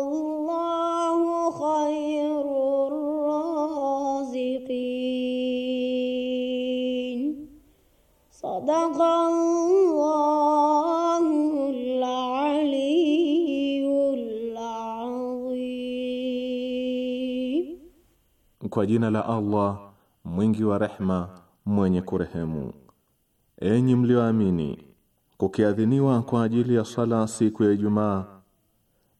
wallahu khairur raziqin. Kwa jina la Allah mwingi wa rehma mwenye kurehemu. Enyi mlioamini, kukiadhiniwa kwa ajili ya sala siku ya Ijumaa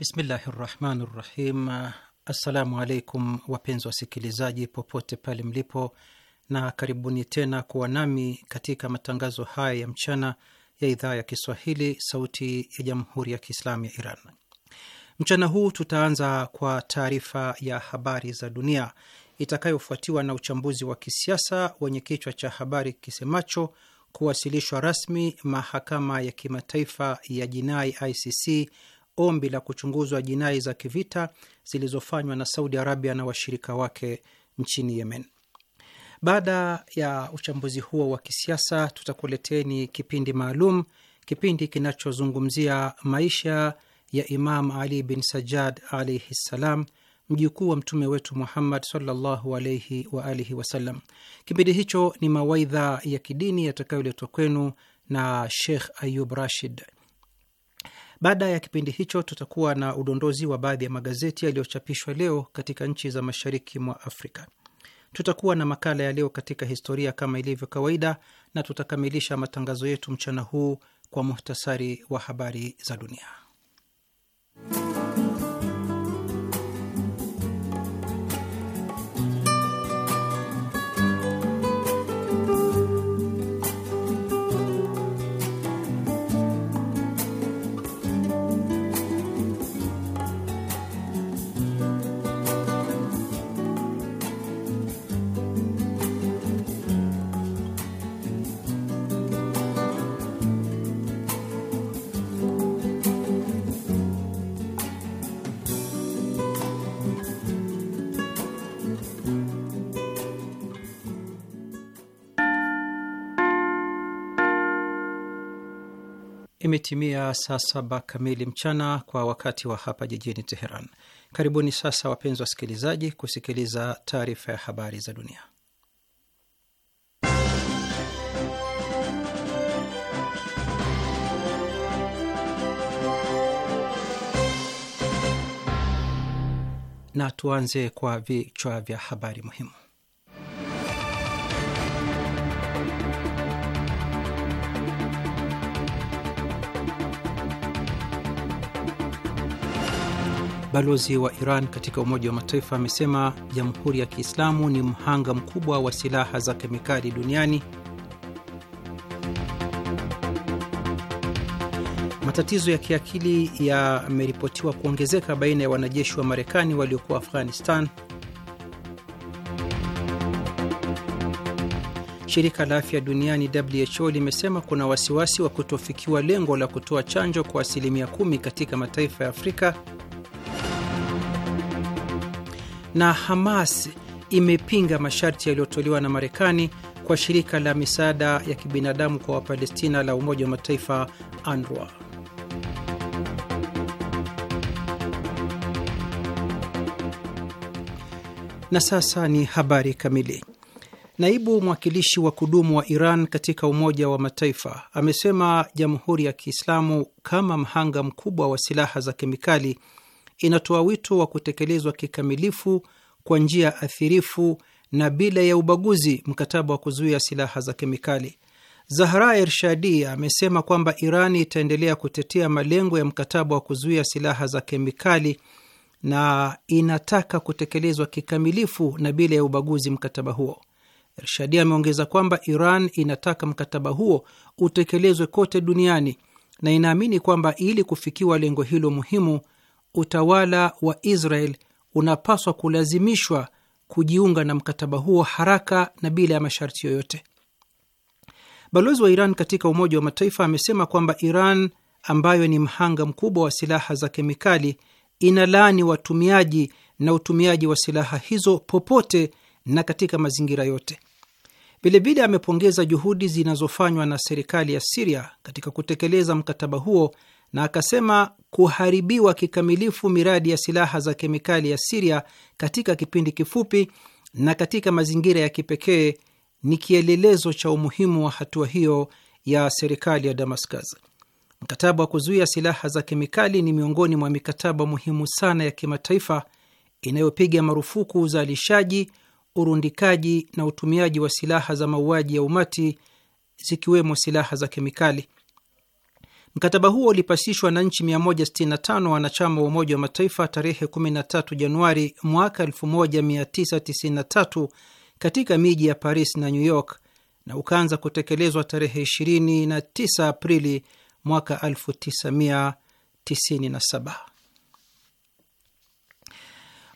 Bismillahi rahmani rahim. Assalamu alaikum wapenzi wasikilizaji popote pale mlipo, na karibuni tena kuwa nami katika matangazo haya ya mchana ya idhaa ya Kiswahili sauti ya jamhuri ya Kiislamu ya Iran. Mchana huu tutaanza kwa taarifa ya habari za dunia itakayofuatiwa na uchambuzi wa kisiasa wenye kichwa cha habari kisemacho kuwasilishwa rasmi mahakama ya kimataifa ya jinai ICC ombi la kuchunguzwa jinai za kivita zilizofanywa na Saudi Arabia na washirika wake nchini Yemen. Baada ya uchambuzi huo wa kisiasa, tutakuleteni kipindi maalum, kipindi kinachozungumzia maisha ya Imam Ali bin Sajjad alaihi ssalam, mjukuu wa mtume wetu Muhammad sallallahu alaihi wa alihi wasallam. Kipindi hicho ni mawaidha ya kidini yatakayoletwa kwenu na Sheikh Ayub Rashid. Baada ya kipindi hicho, tutakuwa na udondozi wa baadhi ya magazeti yaliyochapishwa leo katika nchi za mashariki mwa Afrika. Tutakuwa na makala ya leo katika historia kama ilivyo kawaida, na tutakamilisha matangazo yetu mchana huu kwa muhtasari wa habari za dunia. Imetimia saa saba kamili mchana kwa wakati wa hapa jijini Teheran. Karibuni sasa, wapenzi wasikilizaji, kusikiliza taarifa ya habari za dunia. Na tuanze kwa vichwa vya habari muhimu. Balozi wa Iran katika Umoja wa Mataifa amesema Jamhuri ya Kiislamu ni mhanga mkubwa wa silaha za kemikali duniani. Matatizo ya kiakili yameripotiwa kuongezeka baina ya wanajeshi wa Marekani waliokuwa Afghanistan. Shirika la Afya Duniani WHO limesema kuna wasiwasi wa kutofikiwa lengo la kutoa chanjo kwa asilimia kumi katika mataifa ya Afrika na Hamas imepinga masharti yaliyotolewa na Marekani kwa shirika la misaada ya kibinadamu kwa Wapalestina la Umoja wa Mataifa UNRWA. Na sasa ni habari kamili. Naibu mwakilishi wa kudumu wa Iran katika Umoja wa Mataifa amesema Jamhuri ya Kiislamu kama mhanga mkubwa wa silaha za kemikali inatoa wito wa kutekelezwa kikamilifu kwa njia athirifu na bila ya ubaguzi mkataba wa kuzuia silaha za kemikali. Zahra Ershadi amesema kwamba Iran itaendelea kutetea malengo ya mkataba wa kuzuia silaha za kemikali na inataka kutekelezwa kikamilifu na bila ya ubaguzi mkataba huo. Ershadi ameongeza kwamba Iran inataka mkataba huo utekelezwe kote duniani na inaamini kwamba ili kufikiwa lengo hilo muhimu, utawala wa Israel unapaswa kulazimishwa kujiunga na mkataba huo haraka na bila ya masharti yoyote. Balozi wa Iran katika Umoja wa Mataifa amesema kwamba Iran ambayo ni mhanga mkubwa wa silaha za kemikali inalaani watumiaji na utumiaji wa silaha hizo popote na katika mazingira yote. Vilevile amepongeza juhudi zinazofanywa na serikali ya Siria katika kutekeleza mkataba huo na akasema kuharibiwa kikamilifu miradi ya silaha za kemikali ya Siria katika kipindi kifupi na katika mazingira ya kipekee ni kielelezo cha umuhimu wa hatua hiyo ya serikali ya Damascus. Mkataba wa kuzuia silaha za kemikali ni miongoni mwa mikataba muhimu sana ya kimataifa inayopiga marufuku uzalishaji, urundikaji na utumiaji wa silaha za mauaji ya umati zikiwemo silaha za kemikali. Mkataba huo ulipasishwa na nchi 165 wanachama wa Umoja wa Mataifa tarehe 13 Januari mwaka 1993 katika miji ya Paris na New York na ukaanza kutekelezwa tarehe 29 Aprili mwaka 1997.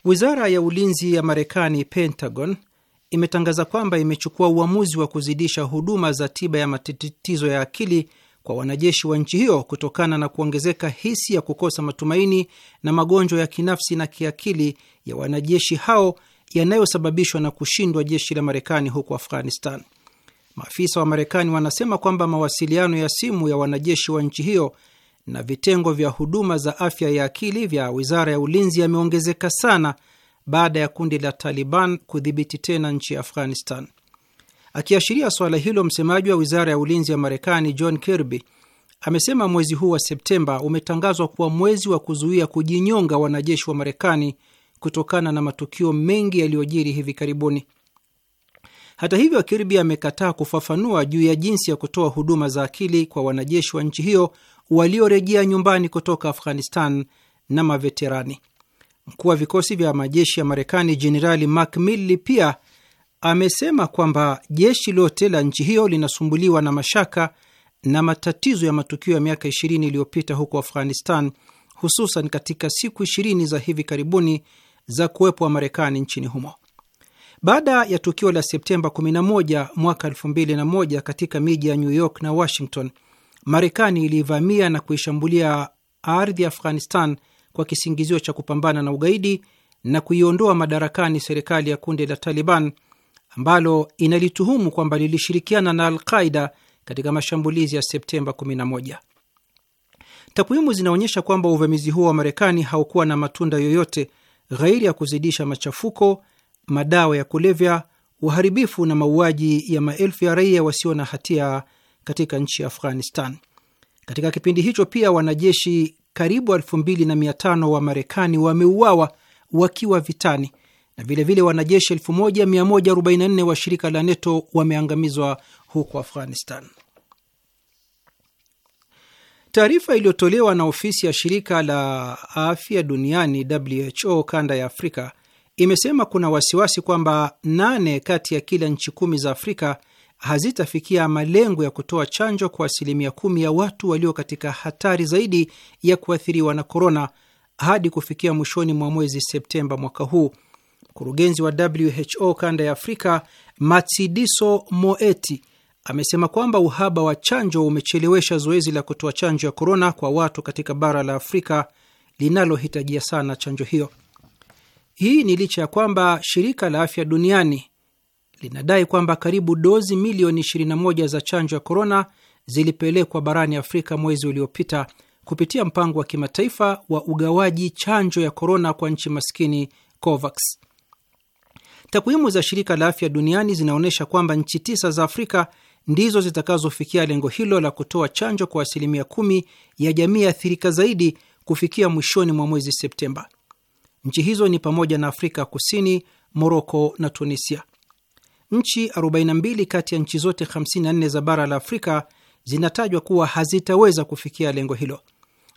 Wizara ya ulinzi ya Marekani, Pentagon, imetangaza kwamba imechukua uamuzi wa kuzidisha huduma za tiba ya matatizo ya akili kwa wanajeshi wa nchi hiyo kutokana na kuongezeka hisi ya kukosa matumaini na magonjwa ya kinafsi na kiakili ya wanajeshi hao yanayosababishwa na kushindwa jeshi la Marekani huko Afghanistan. Maafisa wa Marekani wanasema kwamba mawasiliano ya simu ya wanajeshi wa nchi hiyo na vitengo vya huduma za afya ya akili vya wizara ya ulinzi yameongezeka sana baada ya kundi la Taliban kudhibiti tena nchi ya Afghanistan. Akiashiria swala hilo, msemaji wa wizara ya ulinzi ya Marekani John Kirby amesema mwezi huu wa Septemba umetangazwa kuwa mwezi wa kuzuia kujinyonga wanajeshi wa Marekani kutokana na matukio mengi yaliyojiri hivi karibuni. Hata hivyo, Kirby amekataa kufafanua juu ya jinsi ya kutoa huduma za akili kwa wanajeshi wa nchi hiyo waliorejea nyumbani kutoka Afghanistan na maveterani. Mkuu wa vikosi vya majeshi ya Marekani Jenerali Mark Milley pia amesema kwamba jeshi lote la nchi hiyo linasumbuliwa na mashaka na matatizo ya matukio ya miaka 20 iliyopita huko Afghanistan, hususan katika siku 20 za hivi karibuni za kuwepo wa Marekani nchini humo. Baada ya tukio la Septemba 11 mwaka 2001 katika miji ya New York na Washington, Marekani ilivamia na kuishambulia ardhi ya Afghanistan kwa kisingizio cha kupambana na ugaidi na kuiondoa madarakani serikali ya kundi la Taliban ambalo inalituhumu kwamba lilishirikiana na Alqaida katika mashambulizi ya Septemba 11. Takwimu zinaonyesha kwamba uvamizi huo wa Marekani haukuwa na matunda yoyote ghairi ya kuzidisha machafuko, madawa ya kulevya, uharibifu na mauaji ya maelfu ya raia wasio na hatia katika nchi ya Afghanistan. Katika kipindi hicho pia wanajeshi karibu 25 wa Marekani wameuawa wakiwa vitani na vilevile wanajeshi 1144 wa shirika la NATO wameangamizwa huko Afghanistan. Taarifa iliyotolewa na ofisi ya shirika la afya duniani WHO kanda ya Afrika imesema kuna wasiwasi kwamba nane kati ya kila nchi kumi za Afrika hazitafikia malengo ya kutoa chanjo kwa asilimia kumi ya watu walio katika hatari zaidi ya kuathiriwa na korona hadi kufikia mwishoni mwa mwezi Septemba mwaka huu Mkurugenzi wa WHO kanda ya Afrika Matsidiso Moeti amesema kwamba uhaba wa chanjo umechelewesha zoezi la kutoa chanjo ya korona kwa watu katika bara la Afrika linalohitajia sana chanjo hiyo. Hii ni licha ya kwamba shirika la afya duniani linadai kwamba karibu dozi milioni 21 za chanjo ya korona zilipelekwa barani Afrika mwezi uliopita kupitia mpango wa kimataifa wa ugawaji chanjo ya korona kwa nchi maskini COVAX. Takwimu za shirika la afya duniani zinaonyesha kwamba nchi tisa za Afrika ndizo zitakazofikia lengo hilo la kutoa chanjo kwa asilimia kumi ya jamii athirika zaidi kufikia mwishoni mwa mwezi Septemba. Nchi hizo ni pamoja na Afrika Kusini, Moroko na Tunisia. Nchi 42 kati ya nchi zote 54 za bara la Afrika zinatajwa kuwa hazitaweza kufikia lengo hilo.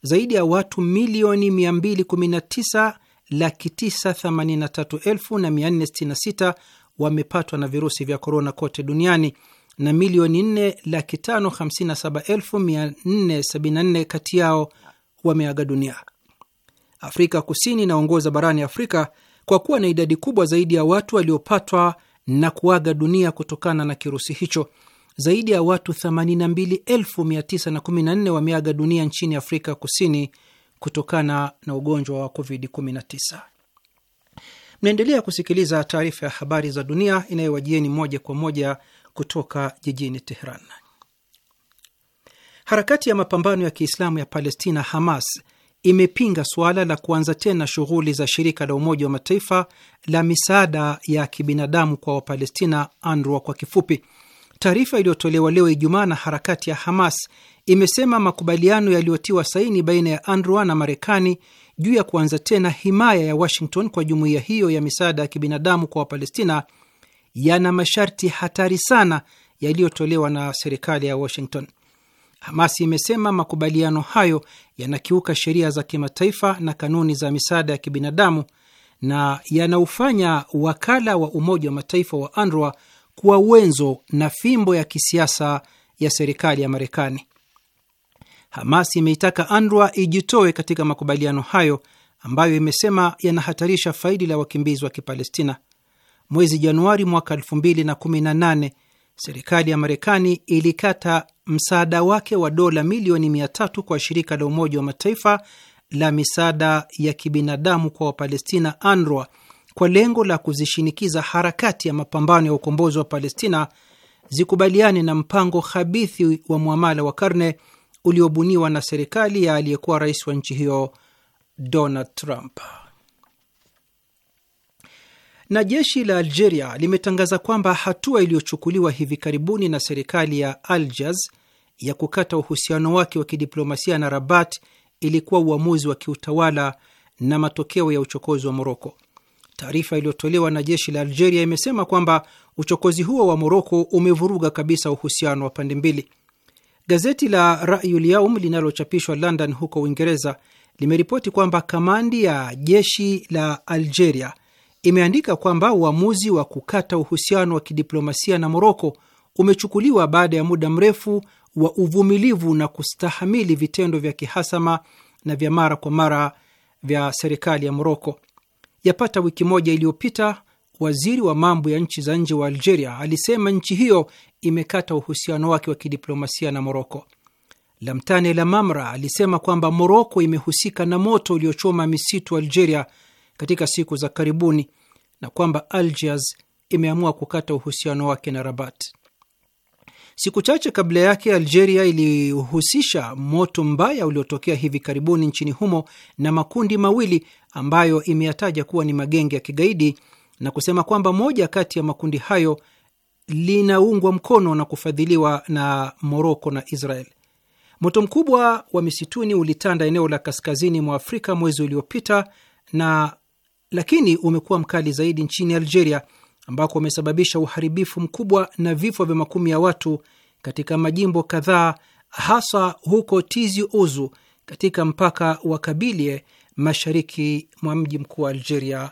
Zaidi ya watu milioni 219 983,466 wamepatwa na virusi vya korona kote duniani na milioni 4,557,474 kati yao wameaga dunia. Afrika Kusini inaongoza barani Afrika kwa kuwa na idadi kubwa zaidi ya watu waliopatwa na kuaga dunia kutokana na kirusi hicho. Zaidi ya watu 82,914 wameaga dunia nchini Afrika Kusini kutokana na ugonjwa wa COVID-19. Mnaendelea kusikiliza taarifa ya habari za dunia inayowajieni moja kwa moja kutoka jijini tehran Harakati ya mapambano ya Kiislamu ya Palestina, Hamas, imepinga suala la kuanza tena shughuli za shirika la Umoja wa Mataifa la misaada ya kibinadamu kwa Wapalestina, UNRWA kwa kifupi. Taarifa iliyotolewa leo Ijumaa na harakati ya Hamas imesema makubaliano yaliyotiwa saini baina ya Andrua na Marekani juu ya kuanza tena himaya ya Washington kwa jumuiya hiyo ya misaada ya kibinadamu kwa Wapalestina yana masharti hatari sana yaliyotolewa na serikali ya Washington. Hamasi imesema makubaliano hayo yanakiuka sheria za kimataifa na kanuni za misaada ya kibinadamu na yanaufanya wakala wa Umoja wa Mataifa wa Andrua kuwa wenzo na fimbo ya kisiasa ya serikali ya Marekani. Hamas imeitaka Anrwa ijitoe katika makubaliano hayo ambayo imesema yanahatarisha faidi la wakimbizi wa Kipalestina. Mwezi Januari mwaka 2018 serikali ya Marekani ilikata msaada wake wa dola milioni 300 kwa shirika la Umoja wa Mataifa la misaada ya kibinadamu kwa Wapalestina, Anrwa, kwa lengo la kuzishinikiza harakati ya mapambano ya ukombozi wa Palestina zikubaliane na mpango habithi wa mwamala wa karne uliobuniwa na serikali ya aliyekuwa rais wa nchi hiyo Donald Trump. Na jeshi la Algeria limetangaza kwamba hatua iliyochukuliwa hivi karibuni na serikali ya Algiers ya kukata uhusiano wake wa kidiplomasia na Rabat ilikuwa uamuzi wa kiutawala na matokeo ya uchokozi wa Moroko. Taarifa iliyotolewa na jeshi la Algeria imesema kwamba uchokozi huo wa Moroko umevuruga kabisa uhusiano wa pande mbili. Gazeti la Rayul Yaum linalochapishwa London huko Uingereza limeripoti kwamba kamandi ya jeshi la Algeria imeandika kwamba uamuzi wa kukata uhusiano wa kidiplomasia na Moroko umechukuliwa baada ya muda mrefu wa uvumilivu na kustahamili vitendo vya kihasama na vya mara kwa mara vya serikali ya Moroko. Yapata wiki moja iliyopita, waziri wa mambo ya nchi za nje wa Algeria alisema nchi hiyo imekata uhusiano wake wa kidiplomasia na Moroko. Lamtane Lamamra alisema kwamba Moroko imehusika na moto uliochoma misitu Algeria katika siku za karibuni na kwamba Algiers imeamua kukata uhusiano wake na Rabat. Siku chache kabla yake Algeria ilihusisha moto mbaya uliotokea hivi karibuni nchini humo na makundi mawili ambayo imeyataja kuwa ni magenge ya kigaidi na kusema kwamba moja kati ya makundi hayo linaungwa mkono na kufadhiliwa na Moroko na Israel. Moto mkubwa wa misituni ulitanda eneo la kaskazini mwa Afrika mwezi uliopita na lakini umekuwa mkali zaidi nchini Algeria ambako umesababisha uharibifu mkubwa na vifo vya makumi ya watu katika majimbo kadhaa, hasa huko Tizi Ouzou katika mpaka wa Kabilie mashariki mwa mji mkuu wa Algeria,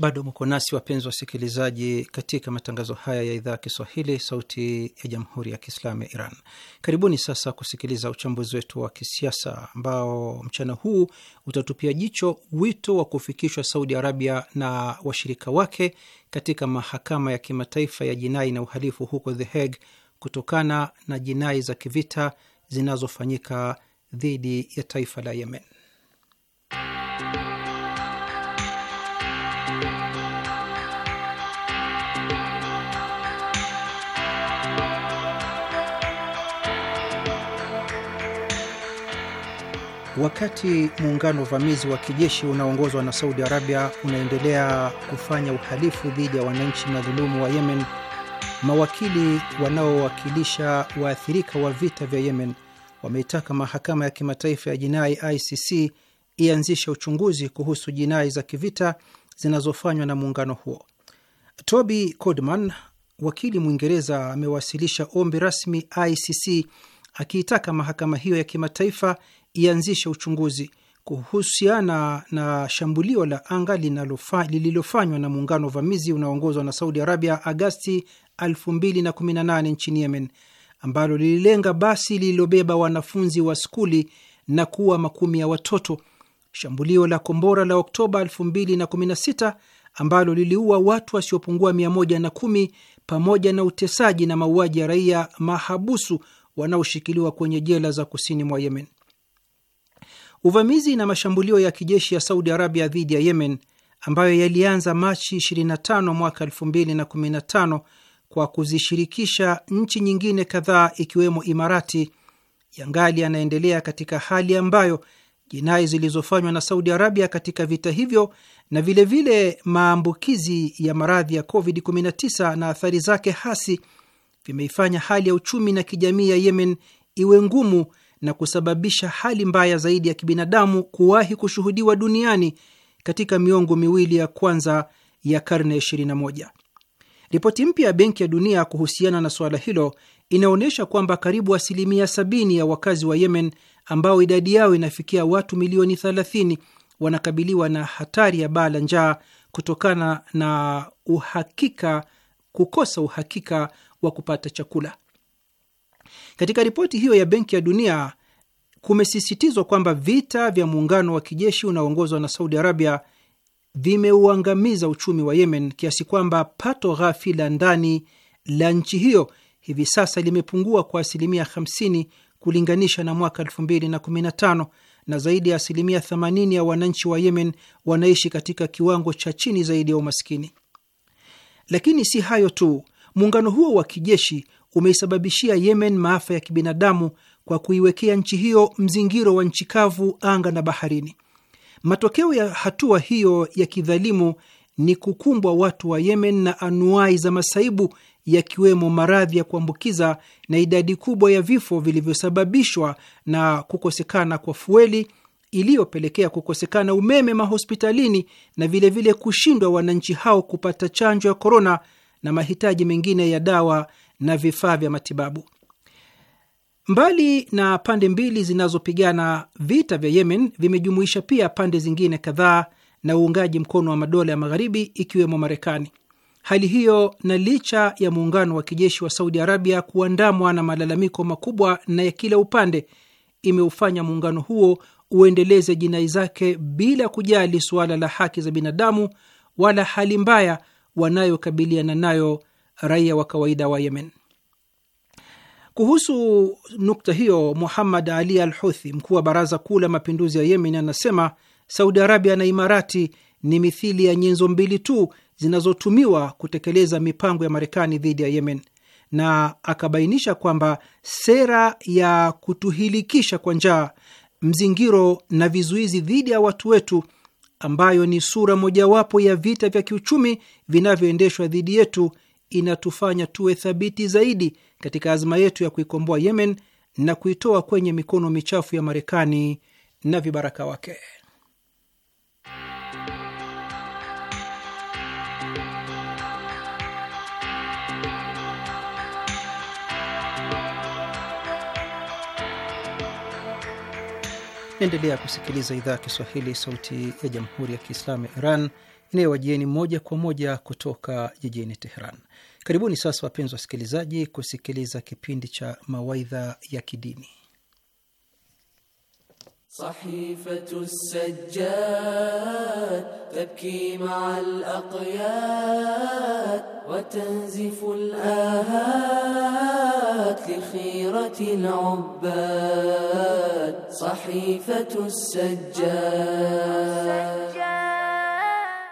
Bado mko nasi wapenzi wasikilizaji, katika matangazo haya ya idhaa ya Kiswahili, sauti ya jamhuri ya kiislamu ya Iran. Karibuni sasa kusikiliza uchambuzi wetu wa kisiasa ambao mchana huu utatupia jicho wito wa kufikishwa Saudi Arabia na washirika wake katika mahakama ya kimataifa ya jinai na uhalifu huko The Hague kutokana na jinai za kivita zinazofanyika dhidi ya taifa la Yemen. Wakati muungano uvamizi wa kijeshi unaoongozwa na Saudi Arabia unaendelea kufanya uhalifu dhidi ya wananchi madhulumu wa Yemen, mawakili wanaowakilisha waathirika wa vita vya Yemen wameitaka mahakama ya kimataifa ya jinai ICC ianzishe uchunguzi kuhusu jinai za kivita zinazofanywa na muungano huo. Toby Codman, wakili Mwingereza, amewasilisha ombi rasmi ICC akiitaka mahakama hiyo ya kimataifa ianzishe uchunguzi kuhusiana na shambulio la anga lililofanywa na muungano wa uvamizi unaoongozwa na Saudi Arabia Agasti 2018 nchini Yemen, ambalo lililenga basi lililobeba wanafunzi wa skuli na kuwa makumi ya watoto, shambulio la kombora la Oktoba 2016 ambalo liliua watu wasiopungua 110 pamoja na utesaji na mauaji ya raia mahabusu wanaoshikiliwa kwenye jela za kusini mwa Yemen. Uvamizi na mashambulio ya kijeshi ya Saudi Arabia dhidi ya Yemen ambayo yalianza Machi 25 mwaka 2015 kwa kuzishirikisha nchi nyingine kadhaa ikiwemo Imarati yangali yanaendelea katika hali ambayo jinai zilizofanywa na Saudi Arabia katika vita hivyo na vilevile vile maambukizi ya maradhi ya COVID-19 na athari zake hasi vimeifanya hali ya uchumi na kijamii ya Yemen iwe ngumu na kusababisha hali mbaya zaidi ya kibinadamu kuwahi kushuhudiwa duniani katika miongo miwili ya kwanza ya karne 21. Ripoti mpya ya Benki ya Dunia kuhusiana na suala hilo inaonyesha kwamba karibu asilimia 70 ya wakazi wa Yemen ambao idadi yao inafikia watu milioni 30 wanakabiliwa na hatari ya baa la njaa kutokana na uhakika kukosa uhakika wa kupata chakula. Katika ripoti hiyo ya Benki ya Dunia kumesisitizwa kwamba vita vya muungano wa kijeshi unaoongozwa na Saudi Arabia vimeuangamiza uchumi wa Yemen kiasi kwamba pato ghafi la ndani la nchi hiyo hivi sasa limepungua kwa asilimia 50 kulinganisha na mwaka 2015 na zaidi ya asilimia 80 ya wananchi wa Yemen wanaishi katika kiwango cha chini zaidi ya umaskini. Lakini si hayo tu, muungano huo wa kijeshi umeisababishia Yemen maafa ya kibinadamu kwa kuiwekea nchi hiyo mzingiro wa nchi kavu, anga na baharini. Matokeo ya hatua hiyo ya kidhalimu ni kukumbwa watu wa Yemen na anuai za masaibu yakiwemo maradhi ya kuambukiza na idadi kubwa ya vifo vilivyosababishwa na kukosekana kwa fueli iliyopelekea kukosekana umeme mahospitalini na vilevile kushindwa wananchi hao kupata chanjo ya korona na mahitaji mengine ya dawa na vifaa vya matibabu. Mbali na pande mbili zinazopigana vita vya Yemen, vimejumuisha pia pande zingine kadhaa na uungaji mkono wa madola ya Magharibi, ikiwemo Marekani. Hali hiyo na licha ya muungano wa kijeshi wa Saudi Arabia kuandamwa na malalamiko makubwa na ya kila upande, imeufanya muungano huo uendeleze jinai zake bila kujali suala la haki za binadamu wala hali mbaya wanayokabiliana nayo raia wa kawaida wa Yemen. Kuhusu nukta hiyo, Muhammad Ali Al Huthi, mkuu wa baraza kuu la mapinduzi ya Yemen, anasema Saudi Arabia na Imarati ni mithili ya nyenzo mbili tu zinazotumiwa kutekeleza mipango ya Marekani dhidi ya Yemen, na akabainisha kwamba sera ya kutuhilikisha kwa njaa, mzingiro na vizuizi dhidi ya watu wetu, ambayo ni sura mojawapo ya vita vya kiuchumi vinavyoendeshwa dhidi yetu, inatufanya tuwe thabiti zaidi katika azma yetu ya kuikomboa Yemen na kuitoa kwenye mikono michafu ya Marekani na vibaraka wake. Naendelea kusikiliza idhaa ya Kiswahili, sauti ya jamhuri ya kiislamu ya Iran inayowajieni moja kwa moja kutoka jijini Teheran. Karibuni sasa, wapenzi wasikilizaji, kusikiliza kipindi cha mawaidha ya kidini Sahifatu Sajjad tabki maa al-aqyad wa tanzifu al-ahad li khirati al-ubbad Sahifatu Sajjad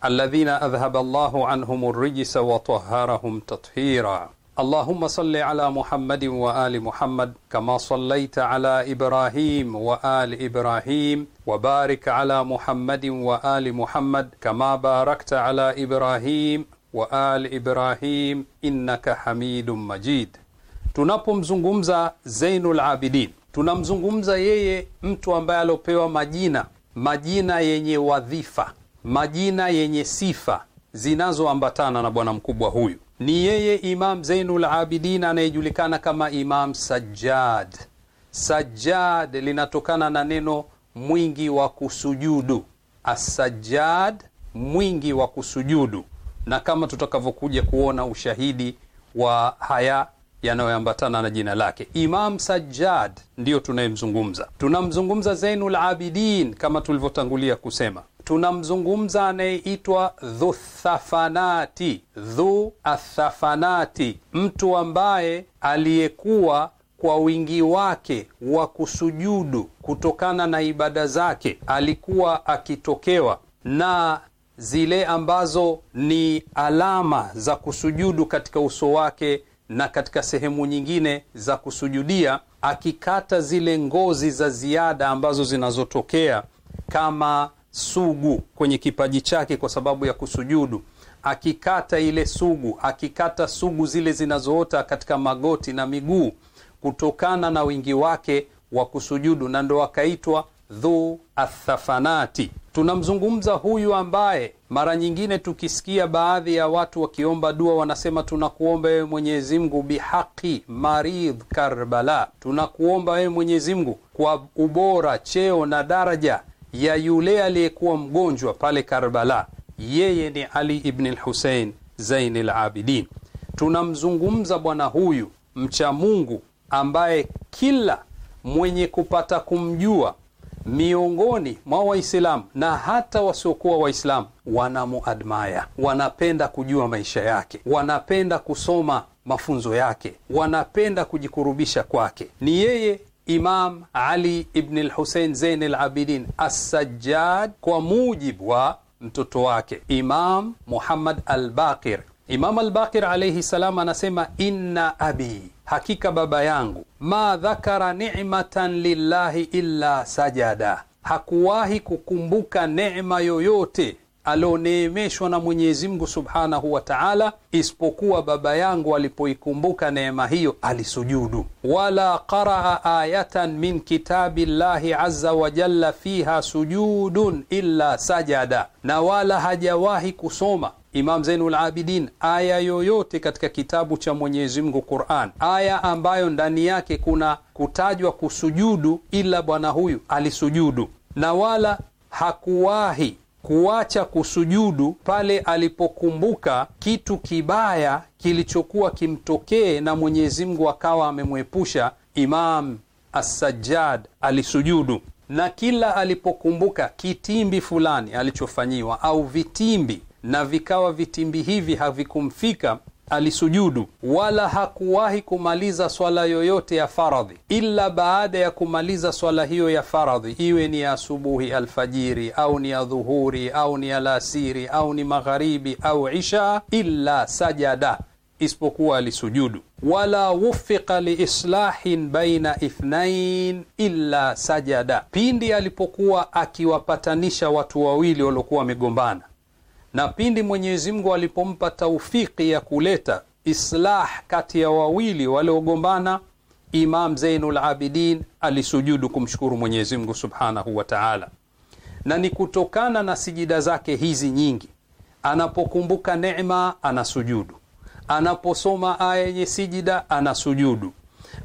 alladhina adhhaba Allahu anhum rijsa wa tahharahum tathira Allahumma salli ala Muhammadin wa ali Muhammad kama sallaita ala Ibrahim wa ali Ibrahim wa barik ala Muhammadin wa ali Muhammad kama barakta ala Ibrahim wa ali Ibrahim innaka Hamidum Majid. Tunapomzungumza Zainul Abidin, tunamzungumza yeye mtu ambaye aliopewa majina, majina yenye wadhifa majina yenye sifa zinazoambatana na bwana mkubwa huyu ni yeye Imam Zainul Abidin anayejulikana kama Imam Sajjad. Sajjad linatokana na neno mwingi wa kusujudu, asajjad, mwingi wa kusujudu, na kama tutakavyokuja kuona ushahidi wa haya yanayoambatana na jina lake Imam Sajjad ndiyo tunayemzungumza. Tunamzungumza Zainul Abidin kama tulivyotangulia kusema tunamzungumza anayeitwa dhuthafanati dhu athafanati, mtu ambaye aliyekuwa kwa wingi wake wa kusujudu kutokana na ibada zake alikuwa akitokewa na zile ambazo ni alama za kusujudu katika uso wake na katika sehemu nyingine za kusujudia, akikata zile ngozi za ziada ambazo zinazotokea kama sugu kwenye kipaji chake kwa sababu ya kusujudu, akikata ile sugu, akikata sugu zile zinazoota katika magoti na miguu kutokana na wingi wake wa kusujudu, na ndo akaitwa dhu athafanati. Tunamzungumza huyu ambaye mara nyingine tukisikia baadhi ya watu wakiomba dua wanasema, tunakuomba wewe Mwenyezi Mungu bihaqi maridh Karbala, tunakuomba wewe Mwenyezi Mungu kwa ubora, cheo na daraja ya yule aliyekuwa mgonjwa pale Karbala, yeye ni Ali ibn Husein Zaini Labidin. Tunamzungumza bwana huyu mcha Mungu ambaye kila mwenye kupata kumjua miongoni mwa Waislamu na hata wasiokuwa Waislamu wanamuadmaya, wanapenda kujua maisha yake, wanapenda kusoma mafunzo yake, wanapenda kujikurubisha kwake. Ni yeye Imam Ali ibn al zein Zain al kwa mujibu wa mtoto wake Imam Muhammad al Imam al-Baqir salam anasema inna abi, hakika baba yangu, ma dhakara ni'matan lillahi illa sajada, hakuwahi kukumbuka neema yoyote alioneemeshwa na Mwenyezi Mungu subhanahu wa taala, isipokuwa baba yangu alipoikumbuka neema hiyo alisujudu. Wala qaraa ayatan min kitabi llahi azza wa jalla fiha sujudun illa sajada, na wala hajawahi kusoma Imam Zainul Abidin aya yoyote katika kitabu cha Mwenyezi Mungu Quran, aya ambayo ndani yake kuna kutajwa kusujudu, ila bwana huyu alisujudu, na wala hakuwahi kuacha kusujudu pale alipokumbuka kitu kibaya kilichokuwa kimtokee na Mwenyezi Mungu akawa amemwepusha. Imam Assajjad alisujudu na kila alipokumbuka kitimbi fulani alichofanyiwa au vitimbi, na vikawa vitimbi hivi havikumfika alisujudu wala hakuwahi kumaliza swala yoyote ya faradhi illa baada ya kumaliza swala hiyo ya faradhi, iwe ni ya asubuhi alfajiri, au ni ya dhuhuri, au ni alasiri, au ni magharibi au isha, illa sajada, isipokuwa alisujudu. Wala wufiqa liislahin baina ithnain illa sajada, pindi alipokuwa akiwapatanisha watu wawili waliokuwa wamegombana na pindi Mwenyezi Mungu alipompa taufiki ya kuleta islah kati ya wawili waliogombana, Imam Zainul Abidin alisujudu kumshukuru Mwenyezi Mungu Subhanahu wa Ta'ala, na ni kutokana na sijida zake hizi nyingi. Anapokumbuka neema anasujudu, anaposoma aya yenye sijida anasujudu,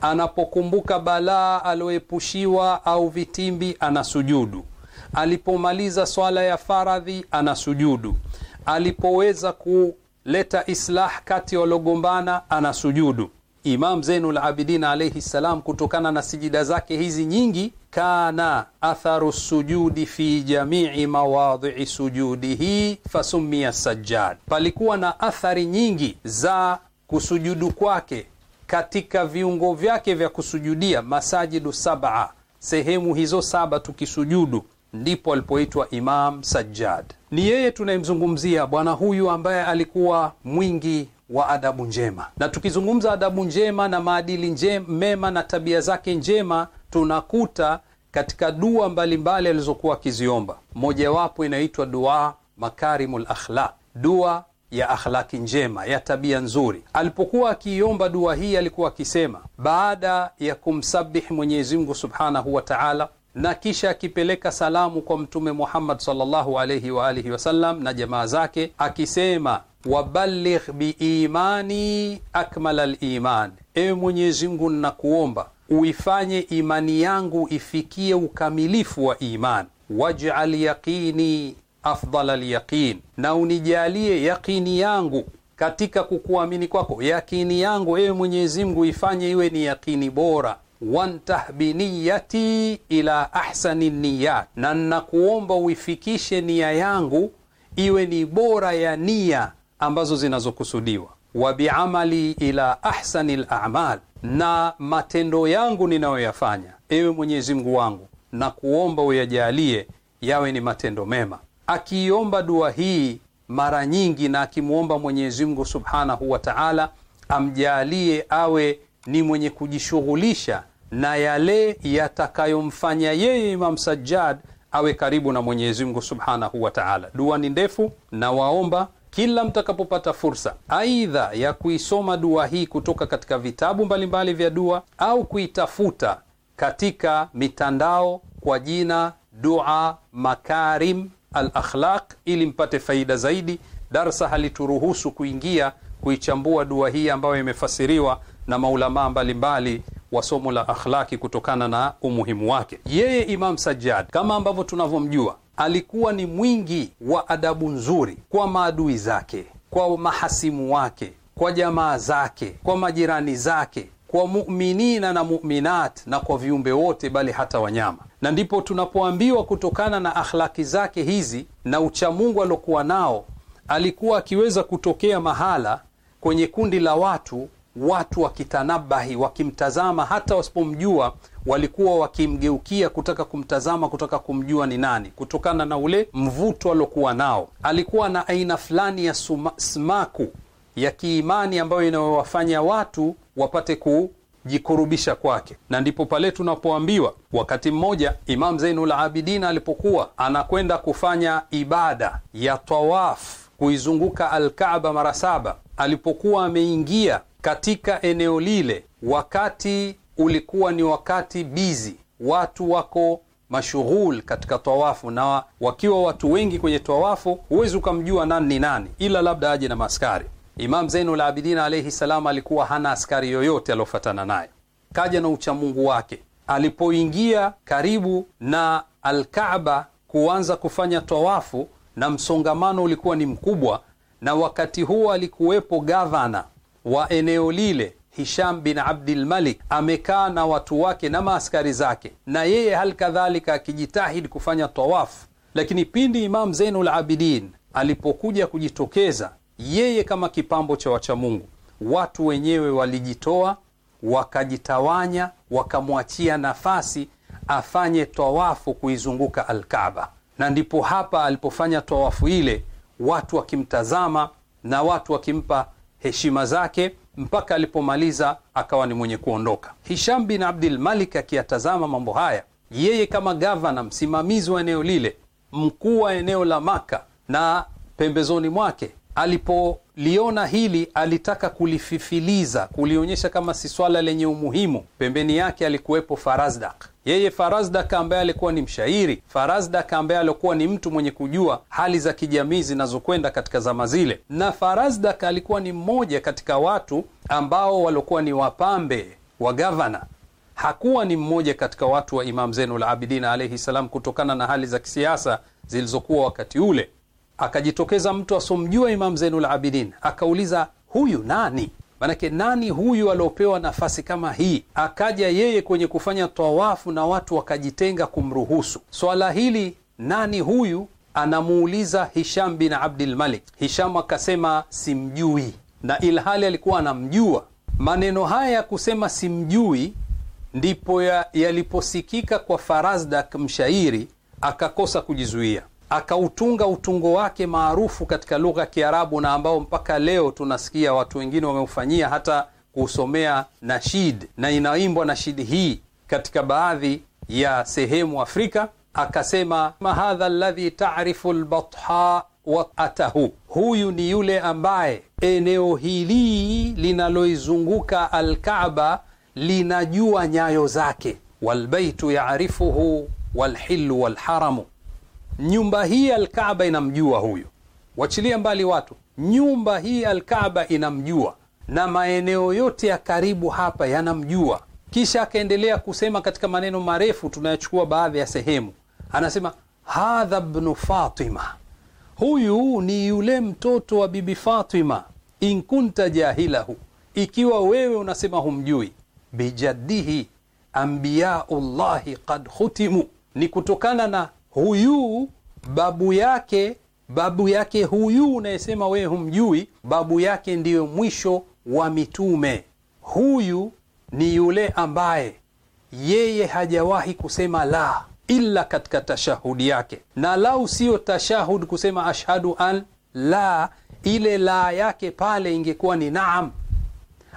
anapokumbuka balaa aloepushiwa au vitimbi anasujudu, alipomaliza swala ya faradhi anasujudu alipoweza kuleta islah kati waliogombana anasujudu. Imam Zainul Abidin alayhi salam, kutokana na sijida zake hizi nyingi, kana atharu sujudi fi jamii mawadhii sujudihi fasummiya Sajjad, palikuwa na athari nyingi za kusujudu kwake katika viungo vyake vya kusujudia, masajidu saba, sehemu hizo saba tukisujudu ndipo alipoitwa Imam Sajjad. Ni yeye tunayemzungumzia bwana huyu ambaye alikuwa mwingi wa adabu njema, na tukizungumza adabu njema na maadili njema, mema na tabia zake njema tunakuta katika dua mbalimbali alizokuwa akiziomba, mojawapo inaitwa dua makarimul akhlaq, dua ya akhlaki njema ya tabia nzuri. Alipokuwa akiiomba dua hii, alikuwa akisema baada ya kumsabih Mwenyezi Mungu subhanahu wa taala na kisha akipeleka salamu kwa Mtume Muhammad sallallahu alayhi wa alihi wasallam na jamaa zake akisema wabaligh biimani akmala liman, ewe Mwenyezi Mungu nnakuomba uifanye imani yangu ifikie ukamilifu wa iman, waj'al yaqini afdala lyaqin, na unijalie yaqini yangu katika kukuamini kwako, yaqini yangu ewe Mwenyezi Mungu ifanye iwe ni yaqini bora wantahbiniyati ila ahsani niyat, na nnakuomba uifikishe nia yangu iwe ni bora ya nia ambazo zinazokusudiwa. Wa biamali ila ahsani lamal, na matendo yangu ninayoyafanya, ewe Mwenyezi Mungu wangu, na kuomba uyajalie yawe ni matendo mema. Akiiomba dua hii mara nyingi na akimwomba Mwenyezi Mungu subhanahu wa taala amjalie awe ni mwenye kujishughulisha na yale yatakayomfanya yeye Imam Sajjad awe karibu na Mwenyezi Mungu Subhanahu wa Ta'ala. Dua ni ndefu na waomba kila mtakapopata fursa aidha ya kuisoma dua hii kutoka katika vitabu mbalimbali vya dua au kuitafuta katika mitandao kwa jina Dua Makarim al Akhlaq, ili mpate faida zaidi. Darsa halituruhusu kuingia kuichambua dua hii ambayo imefasiriwa na maulamaa mbalimbali wa somo la akhlaki kutokana na umuhimu wake. Yeye Imam Sajjad kama ambavyo tunavyomjua, alikuwa ni mwingi wa adabu nzuri kwa maadui zake, kwa mahasimu wake, kwa jamaa zake, kwa majirani zake, kwa muminina na muminat, na kwa viumbe wote, bali hata wanyama. Na ndipo tunapoambiwa kutokana na akhlaki zake hizi na uchamungu aliokuwa nao, alikuwa akiweza kutokea mahala kwenye kundi la watu watu wakitanabahi, wakimtazama hata wasipomjua, walikuwa wakimgeukia kutaka kumtazama, kutaka kumjua ni nani, kutokana na ule mvuto aliokuwa nao. Alikuwa na aina fulani ya suma, smaku ya kiimani ambayo inayowafanya watu wapate kujikurubisha kwake, na ndipo pale tunapoambiwa wakati mmoja Imam Zainul Abidin alipokuwa anakwenda kufanya ibada ya tawaf kuizunguka Alkaaba mara saba, alipokuwa ameingia katika eneo lile, wakati ulikuwa ni wakati bizi, watu wako mashughul katika tawafu, na wakiwa watu wengi kwenye tawafu huwezi ukamjua nani ni nani, ila labda aje na maaskari. Imam Zainul Abidin alaihi salam alikuwa hana askari yoyote aliofatana naye, kaja na uchamungu wake. Alipoingia karibu na alkaba kuanza kufanya tawafu, na msongamano ulikuwa ni mkubwa, na wakati huo alikuwepo gavana wa eneo lile Hisham bin Abdilmalik amekaa na watu wake na maaskari zake, na yeye hal kadhalika akijitahidi kufanya tawafu. Lakini pindi Imam Zainul Abidin alipokuja kujitokeza yeye kama kipambo cha wachamungu, watu wenyewe walijitoa wakajitawanya, wakamwachia nafasi afanye tawafu kuizunguka Alkaaba, na ndipo hapa alipofanya tawafu ile, watu wakimtazama na watu wakimpa heshima zake mpaka alipomaliza akawa ni mwenye kuondoka. Hisham bin Abdul Malik akiyatazama mambo haya, yeye kama gavana, msimamizi wa eneo lile, mkuu wa eneo la Maka na pembezoni mwake, alipoliona hili alitaka kulififiliza, kulionyesha kama si swala lenye umuhimu. Pembeni yake alikuwepo Farazdak yeye farazdak ambaye alikuwa ni mshairi, farazdak ambaye alikuwa ni mtu mwenye kujua hali za kijamii zinazokwenda katika zama zile, na farazdak alikuwa ni mmoja katika watu ambao waliokuwa ni wapambe wa gavana. Hakuwa ni mmoja katika watu wa Imam Zenul Abidin alaihi salam, kutokana na hali za kisiasa zilizokuwa wakati ule. Akajitokeza mtu asomjua Imam Zenul Abidin, akauliza huyu nani? Manake nani huyu aliopewa nafasi kama hii, akaja yeye kwenye kufanya tawafu na watu wakajitenga kumruhusu swala hili? Nani huyu? Anamuuliza Hisham bin Abdul Malik. Hisham akasema simjui, na ilhali alikuwa anamjua. Maneno haya ya kusema simjui ndipo yaliposikika ya kwa Farazdak, mshairi, akakosa kujizuia akautunga utungo wake maarufu katika lugha ya Kiarabu na ambao mpaka leo tunasikia watu wengine wameufanyia hata kuusomea nashid, na inaimbwa nashid hii katika baadhi ya sehemu Afrika. Akasema, mahadha ladhi tarifu lbatha wa atahu, huyu ni yule ambaye eneo hili linaloizunguka alkaba linajua nyayo zake. Walbaitu yarifuhu walhilu walharamu nyumba hii Alkaaba inamjua huyu, wachilia mbali watu, nyumba hii Alkaaba inamjua na maeneo yote ya karibu hapa yanamjua. Kisha akaendelea kusema katika maneno marefu, tunayachukua baadhi ya sehemu. Anasema hadha bnu Fatima, huyu ni yule mtoto wa bibi Fatima. In kunta jahilahu, ikiwa wewe unasema humjui. Bijaddihi ambiyaullahi qad khutimu, ni kutokana na huyu babu yake babu yake huyu unayesema wewe humjui, babu yake ndiyo mwisho wa mitume. Huyu ni yule ambaye yeye hajawahi kusema la illa katika tashahudi yake, na lau siyo tashahud kusema ashhadu an la, ile la yake pale ingekuwa ni naam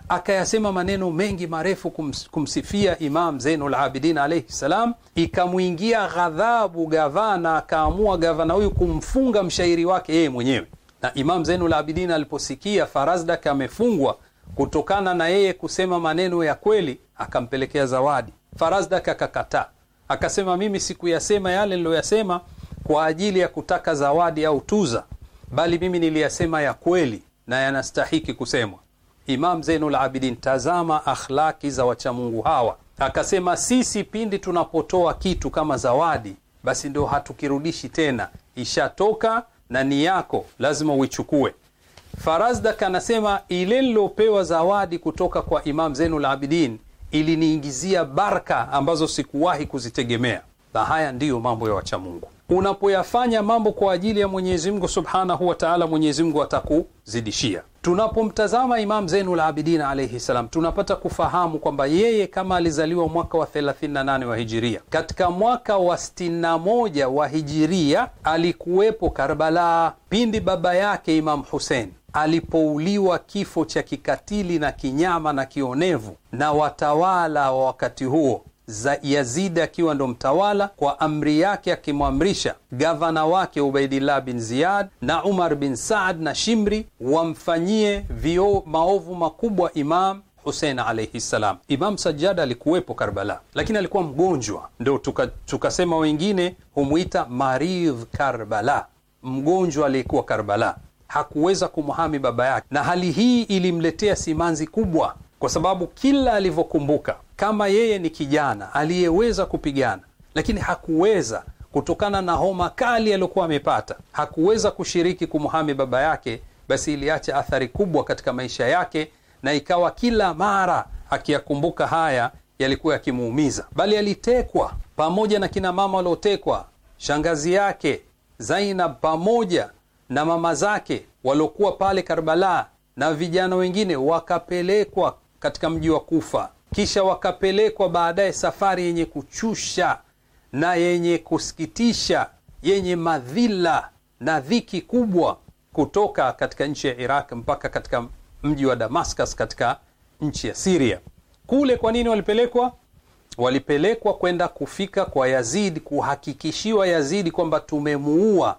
akayasema maneno mengi marefu kums, kumsifia Imam Zainul Abidin alaihi salam, ikamwingia ghadhabu gavana, akaamua gavana huyu kumfunga mshairi wake yeye mwenyewe. Na Imam Zainul Abidin aliposikia Farazdak amefungwa kutokana na yeye kusema maneno ya kweli, akampelekea zawadi. Farazdak akakataa, akasema mimi sikuyasema yale niliyoyasema kwa ajili ya kutaka zawadi au tuza, bali mimi niliyasema ya kweli na yanastahiki kusemwa. Imam Zainul Abidin, tazama akhlaki za wachamungu hawa. Akasema sisi pindi tunapotoa kitu kama zawadi, basi ndio hatukirudishi tena, ishatoka na ni yako, lazima uichukue. Farazdak anasema ile nilopewa zawadi kutoka kwa Imam Zainul Abidin iliniingizia baraka ambazo sikuwahi kuzitegemea, na haya ndiyo mambo ya wachamungu unapoyafanya mambo kwa ajili ya Mwenyezi Mungu subhanahu wa taala, Mwenyezi Mungu atakuzidishia. Tunapomtazama Imam Zainul labidin alayhi salam, tunapata kufahamu kwamba yeye kama alizaliwa mwaka wa 38 wa hijiria, katika mwaka wa 61 wa hijiria alikuwepo Karbala pindi baba yake Imam Husein alipouliwa kifo cha kikatili na kinyama na kionevu na watawala wa wakati huo za Yazidi akiwa ndo mtawala, kwa amri yake akimwamrisha gavana wake Ubaidillah bin Ziyad na Umar bin Saad na Shimri wamfanyie vio maovu makubwa Imam Husein alaihi salam. Imam Sajjad alikuwepo Karbala, lakini alikuwa mgonjwa, ndo tukasema tuka wengine humwita maridh Karbala, mgonjwa aliyekuwa Karbala, hakuweza kumhami baba yake, na hali hii ilimletea simanzi kubwa kwa sababu kila alivyokumbuka kama yeye ni kijana aliyeweza kupigana, lakini hakuweza kutokana na homa kali aliyokuwa amepata, hakuweza kushiriki kumhami baba yake, basi iliacha athari kubwa katika maisha yake, na ikawa kila mara akiyakumbuka haya yalikuwa yakimuumiza. Bali alitekwa pamoja na kina mama waliotekwa, shangazi yake Zainab pamoja na mama zake waliokuwa pale Karbala na vijana wengine wakapelekwa katika mji wa Kufa, kisha wakapelekwa baadaye safari yenye kuchusha na yenye kusikitisha, yenye madhila na dhiki kubwa, kutoka katika nchi ya Iraq mpaka katika mji wa Damascus katika nchi ya Siria. Kule kwa nini walipelekwa? Walipelekwa kwenda kufika kwa Yazidi, kuhakikishiwa Yazidi kwamba tumemuua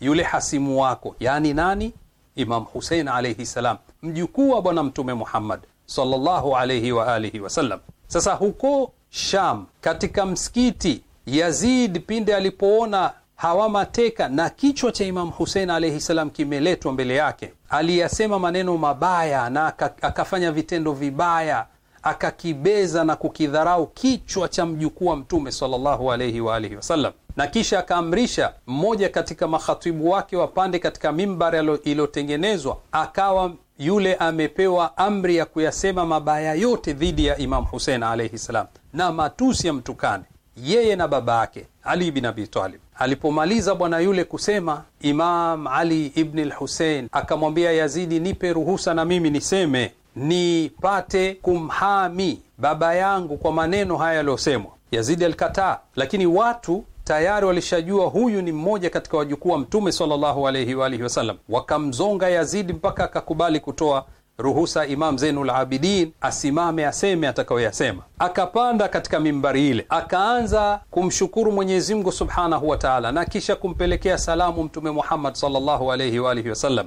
yule hasimu wako, yaani nani? Imam Husein alaihi salam, mjukuu wa Bwana Mtume Muhammad sallallahu alayhi wa alihi wasallam. Sasa huko Sham, katika msikiti Yazid, pinde alipoona hawamateka na kichwa cha Imamu Husein alayhi salam kimeletwa mbele yake, aliyasema maneno mabaya na akafanya vitendo vibaya, akakibeza na kukidharau kichwa cha mjukuu wa Mtume sallallahu alayhi wa alihi wasallam na kisha akaamrisha mmoja katika makhatibu wake wapande katika mimbari iliyotengenezwa, akawa yule amepewa amri ya kuyasema mabaya yote dhidi ya imam Husein alaihi ssalam, na matusi ya mtukane yeye na baba yake Ali bin Abi Talib. Alipomaliza bwana yule kusema, Imam Ali ibn Lhusein akamwambia Yazidi, nipe ruhusa na mimi niseme, nipate kumhami baba yangu kwa maneno haya yaliyosemwa. Yazidi alikataa, lakini watu tayari walishajua huyu ni mmoja katika wajukuu wa Mtume sallallahu alaihi wa alihi wasallam, wakamzonga Yazidi mpaka akakubali kutoa ruhusa Imam Zainul Abidin asimame aseme atakayoyasema. Akapanda katika mimbari ile akaanza kumshukuru Mwenyezi Mungu subhanahu wa taala, na kisha kumpelekea salamu Mtume Muhammad sallallahu alaihi wa alihi wasallam,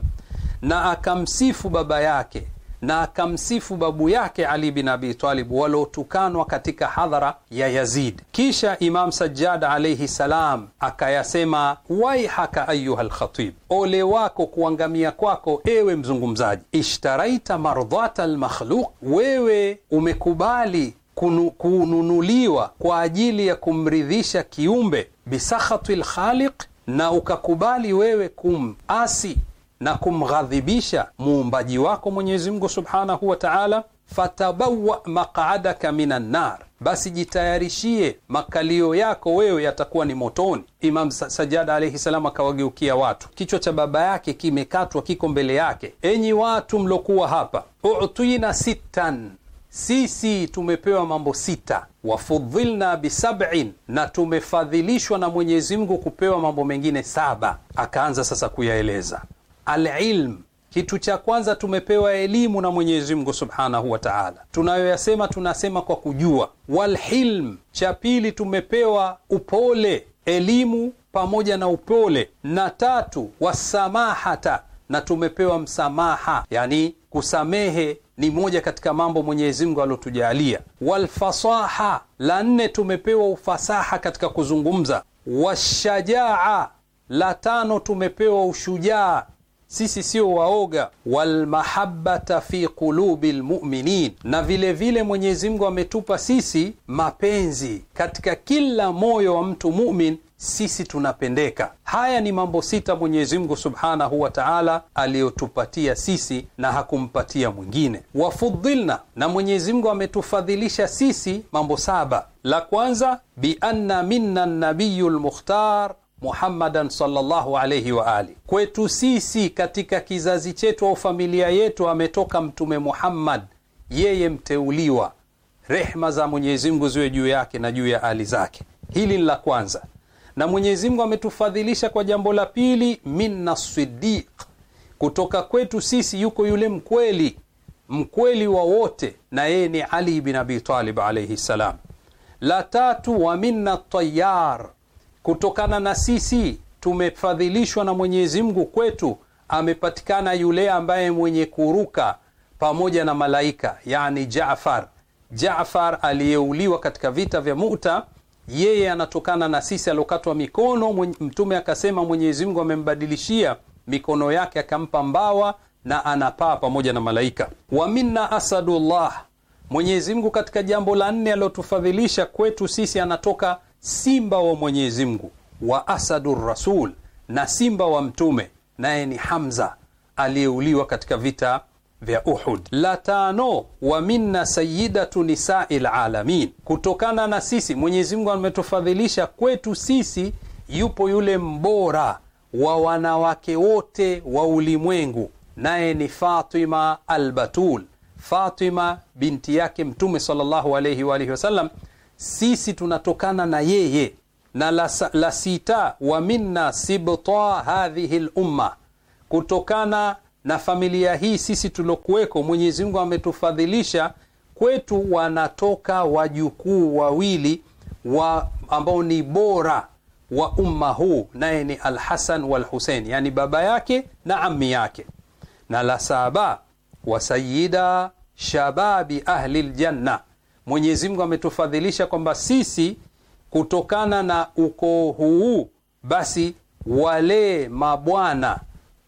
na akamsifu baba yake na akamsifu babu yake Ali bin Abi Talib walotukanwa katika hadhara ya Yazid. Kisha Imam Sajjad alaihi salam akayasema, waihaka ayuha lkhatib, ole wako kuangamia kwako ewe mzungumzaji. Ishtaraita mardhata lmakhluq, wewe umekubali kunu, kununuliwa kwa ajili ya kumridhisha kiumbe bisakhati lkhaliq, na ukakubali wewe kumasi na kumghadhibisha muumbaji wako Mwenyezi Mungu subhanahu wa taala, fatabawa maqadaka minan nar, basi jitayarishie makalio yako wewe yatakuwa ni motoni. Imam Sajada alaihi salam akawageukia watu, kichwa cha baba yake kimekatwa, kiko mbele yake. Enyi watu mlokuwa hapa, utina sittan sisi tumepewa mambo sita, wafudhilna bisabin, na tumefadhilishwa na Mwenyezi Mungu kupewa mambo mengine saba. Akaanza sasa kuyaeleza alilm, kitu cha kwanza tumepewa elimu na Mwenyezi Mungu Subhanahu wa Ta'ala, tunayoyasema tunasema kwa kujua. Walhilm, cha pili tumepewa upole, elimu pamoja na upole, na tatu wasamahata, na tumepewa msamaha, yani kusamehe ni moja katika mambo Mwenyezi Mungu aliotujalia. Walfasaha, la nne tumepewa ufasaha katika kuzungumza. Washajaa, la tano tumepewa ushujaa sisi sio waoga. walmahabbata fi qulubi lmuminin, na vilevile Mwenyezi Mungu ametupa sisi mapenzi katika kila moyo wa mtu mumin, sisi tunapendeka. Haya ni mambo sita Mwenyezi Mungu subhanahu wa taala aliyotupatia sisi na hakumpatia mwingine. Wafudhilna, na Mwenyezi Mungu ametufadhilisha sisi mambo saba. La kwanza bianna minna nabiyu lmukhtar Muhammadan sallallahu alayhi wa ali. Kwetu sisi katika kizazi chetu au familia yetu ametoka Mtume Muhammad, yeye mteuliwa, rehma za Mwenyezi Mungu ziwe juu yake na juu ya ali zake. Hili ni la kwanza, na Mwenyezi Mungu ametufadhilisha kwa jambo la pili, minna sidiq, kutoka kwetu sisi yuko yule mkweli, mkweli wa wote, na yeye ni Ali bin Abi Talib alayhi salam. La tatu, wa minna tayar kutokana na sisi tumefadhilishwa na Mwenyezi Mungu, kwetu amepatikana yule ambaye mwenye kuruka pamoja na malaika, yani Jaafar. Jaafar aliyeuliwa katika vita vya Mu'ta, yeye anatokana na sisi, aliokatwa mikono. Mtume akasema Mwenyezi Mungu amembadilishia mikono yake akampa mbawa na anapaa pamoja na malaika. Wa minna asadullah, Mwenyezi Mungu katika jambo la nne aliotufadhilisha kwetu sisi anatoka simba wa Mwenyezi Mungu wa asadu rasul, na simba wa mtume naye ni Hamza aliyeuliwa katika vita vya Uhud. La tano, wa minna sayidatu nisai lalamin, kutokana na sisi Mwenyezi Mungu ametufadhilisha kwetu sisi yupo yule mbora wa wanawake wote wa ulimwengu naye ni Fatima Albatul, Fatima binti yake Mtume sallallahu alayhi wa alihi wasallam sisi tunatokana na yeye na la, la sita wa minna sibta hadhihi lumma, kutokana na familia hii sisi tuliokuweko, Mwenyezi Mungu ametufadhilisha kwetu wanatoka wajukuu wawili wa ambao ni bora wa umma huu, naye ni Alhasan walhusein, yani baba yake na ami yake. Na la saba wa sayida shababi ahli ljanna Mwenyezi Mungu ametufadhilisha kwamba sisi kutokana na ukoo huu, basi wale mabwana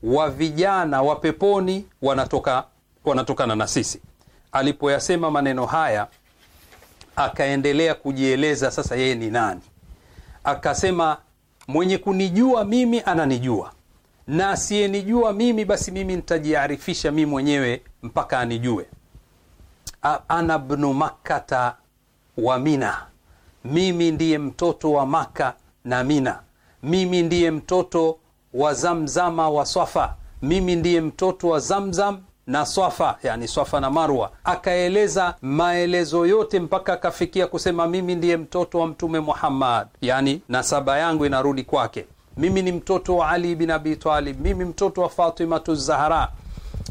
wa vijana wa peponi wanatoka wanatokana na sisi. Alipoyasema maneno haya, akaendelea kujieleza sasa yeye ni nani. Akasema, mwenye kunijua mimi ananijua na asiyenijua mimi basi mimi nitajiarifisha mimi mwenyewe mpaka anijue ana bnu makkata wa mina, mimi ndiye mtoto wa Maka na Mina, mimi ndiye mtoto wa Zamzama wa Swafa, mimi ndiye mtoto wa Zamzam na Swafa, yani Swafa na Marwa. Akaeleza maelezo yote mpaka akafikia kusema mimi ndiye mtoto wa Mtume Muhammad, yani nasaba yangu inarudi kwake. Mimi ni mtoto wa Ali bin Abi Talib, mimi mtoto wa Fatimatu Zahra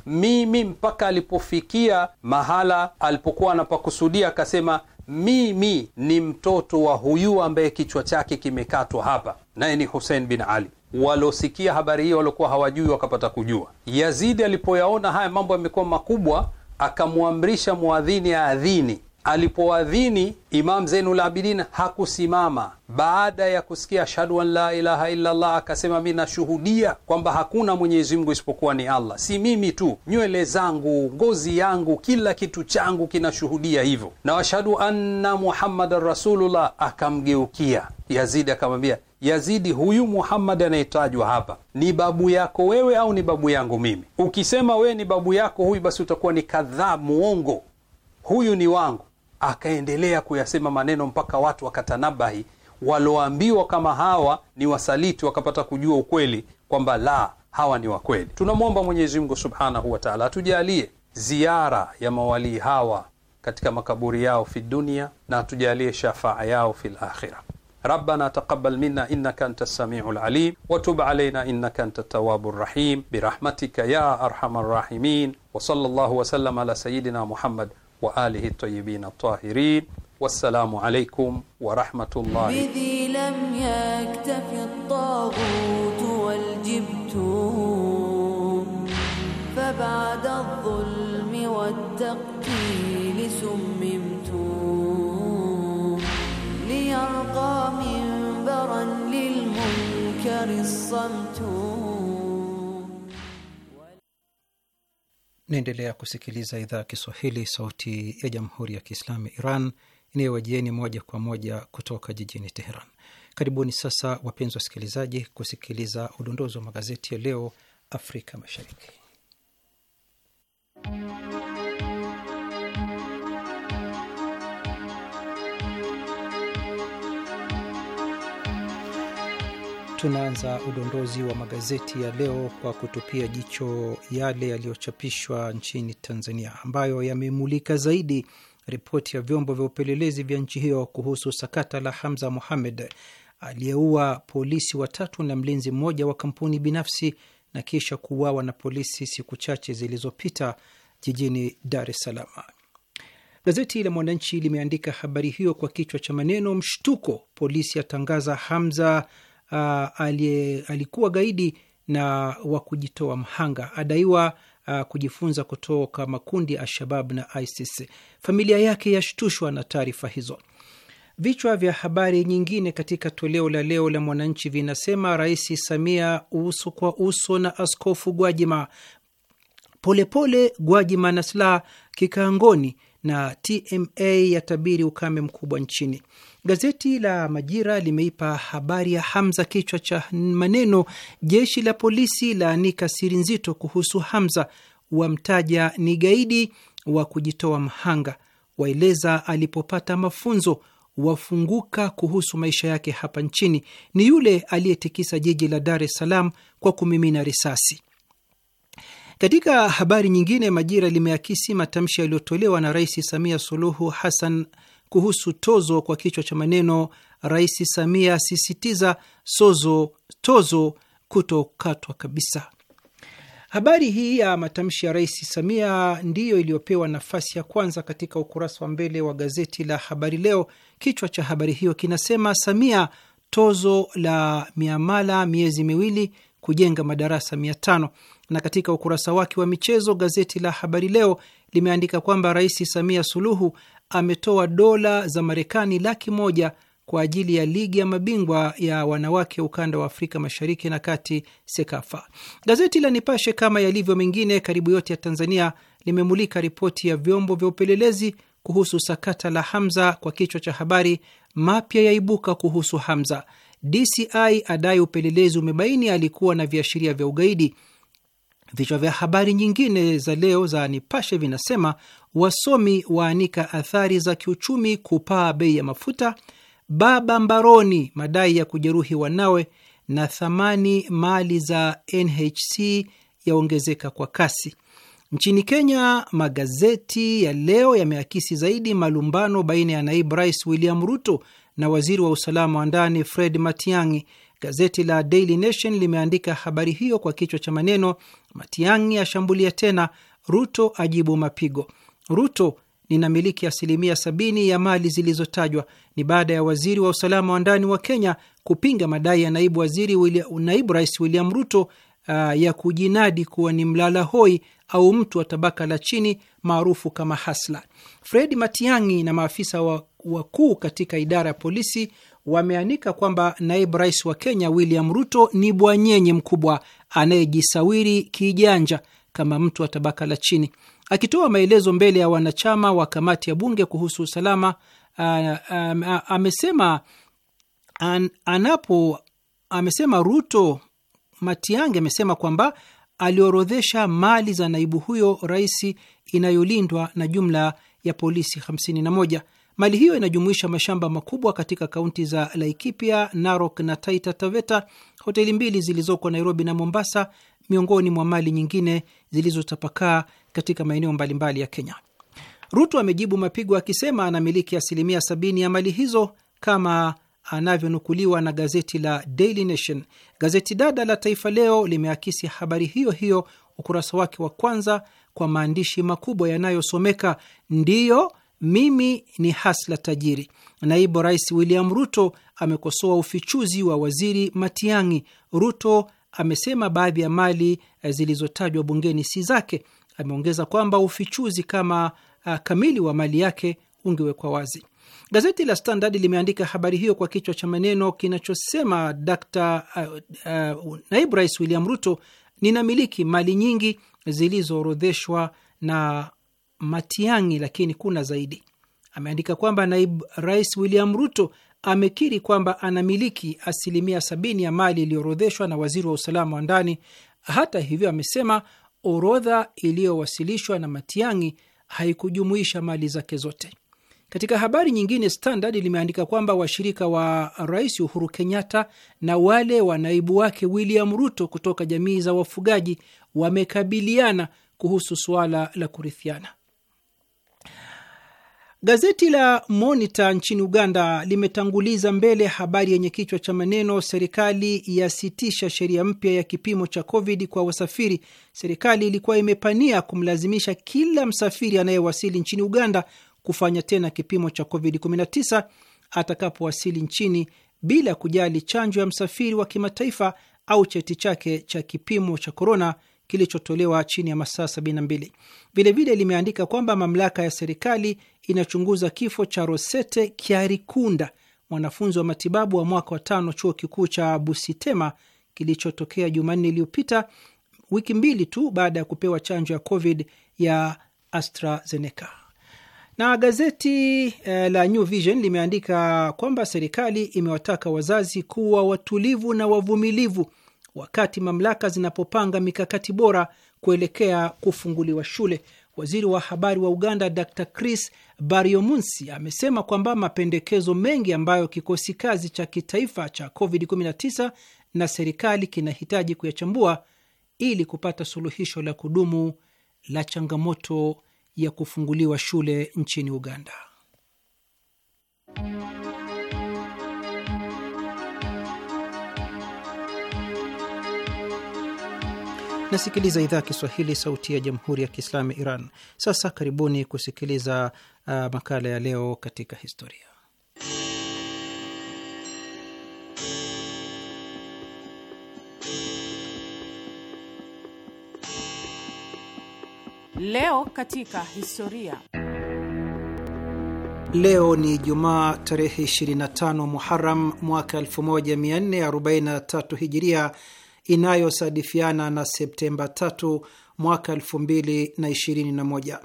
mimi, mpaka alipofikia mahala alipokuwa anapakusudia, akasema mimi ni mtoto wa huyu ambaye kichwa chake kimekatwa hapa, naye ni Husein bin Ali. Walosikia habari hiyo waliokuwa hawajui wakapata kujua. Yazidi alipoyaona haya mambo yamekuwa makubwa, akamwamrisha mwadhini aadhini Alipoadhini Imam Zainul Abidin hakusimama baada ya kusikia ashhadu an la ilaha illallah, akasema mi nashuhudia kwamba hakuna Mwenyezi Mungu isipokuwa ni Allah. Si mimi tu, nywele zangu, ngozi yangu, kila kitu changu kinashuhudia hivyo, na washhadu anna muhammadan rasulullah. Akamgeukia Yazidi akamwambia, Yazidi, huyu Muhammad anayetajwa hapa ni babu yako wewe au ni babu yangu mimi? Ukisema wewe ni babu yako huyu, basi utakuwa ni kadhaa, muongo. Huyu ni wangu akaendelea kuyasema maneno mpaka watu wakatanabahi, waloambiwa kama hawa ni wasaliti wakapata kujua ukweli kwamba la, hawa ni wakweli. Tunamwomba Mwenyezi Mungu subhanahu wa taala atujalie ziara ya mawalii hawa katika makaburi yao fi dunia na atujalie shafaa yao fi lakhira. Rabbana taqabbal minna innaka anta samiu lalim watub alaina innaka anta tawabu rahim birahmatika ya arhamar rahimin wa sallallahu wasallam ala sayidina Muhammad وآله الطيبين الطاهرين والسلام عليكم ورحمة الله بذي لم يكتف الطاغوت والجبت فبعد الظلم والتقتيل سممت ليرقى منبرا للمنكر الصمت Naendelea kusikiliza idhaa ya Kiswahili, sauti ya jamhuri ya kiislamu ya Iran inayowajieni moja kwa moja kutoka jijini Teheran. Karibuni sasa, wapenzi wasikilizaji, kusikiliza udondozi wa magazeti ya leo Afrika Mashariki. Tunaanza udondozi wa magazeti ya leo kwa kutupia jicho yale yaliyochapishwa nchini Tanzania, ambayo yamemulika zaidi ripoti ya vyombo vya upelelezi vya nchi hiyo kuhusu sakata la Hamza Mohamed aliyeua polisi watatu na mlinzi mmoja wa kampuni binafsi na kisha kuuawa na polisi siku chache zilizopita jijini Dar es Salaam. Gazeti la Mwananchi limeandika habari hiyo kwa kichwa cha maneno, mshtuko, polisi atangaza Hamza Uh, alie, alikuwa gaidi na wa kujitoa mhanga adaiwa uh, kujifunza kutoka makundi Alshabab na ISIS. Familia yake yashtushwa na taarifa hizo. Vichwa vya habari nyingine katika toleo la leo la Mwananchi vinasema: Rais Samia uso kwa uso na Askofu Gwajima, polepole Gwajima na silaha kikaangoni na TMA yatabiri ukame mkubwa nchini. Gazeti la Majira limeipa habari ya Hamza kichwa cha maneno, jeshi la polisi laanika siri nzito kuhusu Hamza, wamtaja ni gaidi wa kujitoa mhanga, waeleza alipopata mafunzo, wafunguka kuhusu maisha yake hapa nchini, ni yule aliyetikisa jiji la Dar es Salaam kwa kumimina risasi. Katika habari nyingine, Majira limeakisi matamshi yaliyotolewa na Rais Samia Suluhu Hassan kuhusu tozo kwa kichwa cha maneno, Rais Samia asisitiza sozo tozo kutokatwa kabisa. Habari hii ya matamshi ya Rais Samia ndiyo iliyopewa nafasi ya kwanza katika ukurasa wa mbele wa gazeti la Habari Leo. Kichwa cha habari hiyo kinasema, Samia tozo la miamala miezi miwili kujenga madarasa mia tano. Na katika ukurasa wake wa michezo, gazeti la Habari Leo limeandika kwamba Rais Samia Suluhu ametoa dola za Marekani laki moja kwa ajili ya ligi ya mabingwa ya wanawake ukanda wa Afrika Mashariki na Kati, SEKAFA. Gazeti la Nipashe, kama yalivyo mengine karibu yote ya Tanzania, limemulika ripoti ya vyombo vya upelelezi kuhusu sakata la Hamza kwa kichwa cha habari, mapya yaibuka kuhusu Hamza. DCI adai upelelezi umebaini alikuwa na viashiria vya ugaidi. Vichwa vya habari nyingine za leo za Nipashe vinasema wasomi waanika athari za kiuchumi kupaa bei ya mafuta, baba mbaroni madai ya kujeruhi wanawe, na thamani mali za NHC yaongezeka kwa kasi. Nchini Kenya, magazeti ya leo yameakisi zaidi malumbano baina ya naibu rais William Ruto na waziri wa usalama wa ndani Fred Matiang'i Gazeti la Daily Nation limeandika habari hiyo kwa kichwa cha maneno, Matiang'i ashambulia tena, Ruto ajibu mapigo. Ruto ninamiliki asilimia sabini ya mali zilizotajwa. Ni baada ya waziri wa usalama wa ndani wa Kenya kupinga madai ya naibu waziri William, naibu rais William Ruto uh, ya kujinadi kuwa ni mlala hoi au mtu wa tabaka la chini maarufu kama hasla. Fred Matiang'i na maafisa wakuu katika idara ya polisi wameanika kwamba naibu rais wa Kenya William Ruto ni bwanyenye mkubwa anayejisawiri kijanja kama mtu wa tabaka la chini. Akitoa maelezo mbele ya wanachama wa kamati ya bunge kuhusu usalama, amesema an, anapo amesema Ruto Matiang'i amesema kwamba aliorodhesha mali za naibu huyo rais inayolindwa na jumla ya polisi 51. Mali hiyo inajumuisha mashamba makubwa katika kaunti za Laikipia, Narok na Taita Taveta, hoteli mbili zilizoko Nairobi na Mombasa, miongoni mwa mali nyingine zilizotapakaa katika maeneo mbalimbali ya Kenya. Ruto amejibu mapigo akisema anamiliki asilimia sabini ya mali hizo kama anavyonukuliwa na gazeti la Daily Nation. Gazeti dada la Taifa Leo limeakisi habari hiyo hiyo ukurasa wake wa kwanza kwa maandishi makubwa yanayosomeka ndiyo mimi ni Hasla Tajiri. Naibu Rais William Ruto amekosoa ufichuzi wa Waziri Matiang'i. Ruto amesema baadhi ya mali eh, zilizotajwa bungeni si zake. Ameongeza kwamba ufichuzi kama uh, kamili wa mali yake ungewekwa wazi. Gazeti la Standard limeandika habari hiyo kwa kichwa cha maneno kinachosema Dr. uh, eh, uh, naibu rais William Ruto, ninamiliki mali nyingi zilizoorodheshwa na Matiang'i, lakini kuna zaidi. Ameandika kwamba naibu rais William Ruto amekiri kwamba anamiliki asilimia sabini ya mali iliyoorodheshwa na waziri wa usalama wa ndani. Hata hivyo, amesema orodha iliyowasilishwa na Matiang'i haikujumuisha mali zake zote. Katika habari nyingine, Standard limeandika kwamba washirika wa rais Uhuru Kenyatta na wale wa naibu wake William Ruto kutoka jamii za wafugaji wamekabiliana kuhusu suala la kurithiana. Gazeti la Monitor nchini Uganda limetanguliza mbele habari yenye kichwa cha maneno serikali yasitisha sheria mpya ya kipimo cha Covid kwa wasafiri. Serikali ilikuwa imepania kumlazimisha kila msafiri anayewasili nchini Uganda kufanya tena kipimo cha Covid-19 atakapowasili nchini bila kujali chanjo ya msafiri wa kimataifa au cheti chake cha kipimo cha korona kilichotolewa chini ya masaa 72. Vilevile limeandika kwamba mamlaka ya serikali inachunguza kifo cha Rosete Kiarikunda, mwanafunzi wa matibabu wa mwaka wa tano chuo kikuu cha Busitema, kilichotokea Jumanne iliyopita, wiki mbili tu baada ya kupewa chanjo ya COVID ya AstraZeneca. Na gazeti eh, la New Vision limeandika kwamba serikali imewataka wazazi kuwa watulivu na wavumilivu wakati mamlaka zinapopanga mikakati bora kuelekea kufunguliwa shule. Waziri wa habari wa Uganda Dr Chris Bariomunsi amesema kwamba mapendekezo mengi ambayo kikosi kazi cha kitaifa cha COVID-19 na serikali kinahitaji kuyachambua ili kupata suluhisho la kudumu la changamoto ya kufunguliwa shule nchini Uganda. Nasikiliza idhaa ya Kiswahili, sauti ya jamhuri ya kiislamu ya Iran. Sasa karibuni kusikiliza uh, makala ya leo katika historia. Leo katika historia. Leo ni Jumaa tarehe 25 Muharam mwaka 1443 Hijiria, inayosadifiana na Septemba 3 mwaka 2021.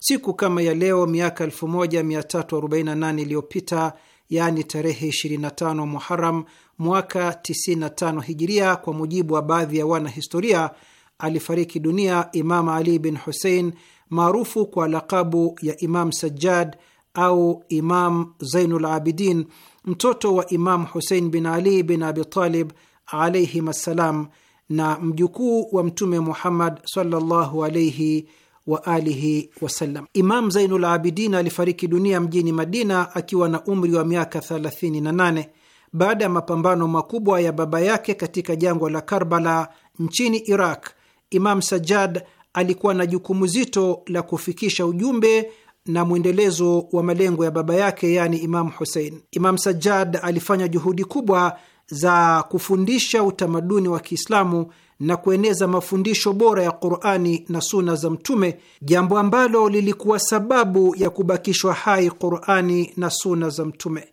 Siku kama ya leo miaka 1348 iliyopita, yaani tarehe 25 Muharam mwaka 95 Hijiria, kwa mujibu wa baadhi ya wanahistoria, alifariki dunia Imam Ali bin Hussein maarufu kwa lakabu ya Imam Sajjad au Imam Zainul Abidin, mtoto wa Imam Husein bin Ali bin Abi Talib alaihim assalam na mjukuu wa Mtume Muhammad sallallahu alaihi wa alihi wasallam. Imam Zainul Abidin alifariki dunia mjini Madina akiwa na umri wa miaka 38 baada ya mapambano makubwa ya baba yake katika jangwa la Karbala nchini Iraq. Imam Sajjad alikuwa na jukumu zito la kufikisha ujumbe na mwendelezo wa malengo ya baba yake, yaani Imam Husein. Imam Sajjad alifanya juhudi kubwa za kufundisha utamaduni wa Kiislamu na kueneza mafundisho bora ya Qurani na suna za Mtume, jambo ambalo lilikuwa sababu ya kubakishwa hai Qurani na suna za Mtume.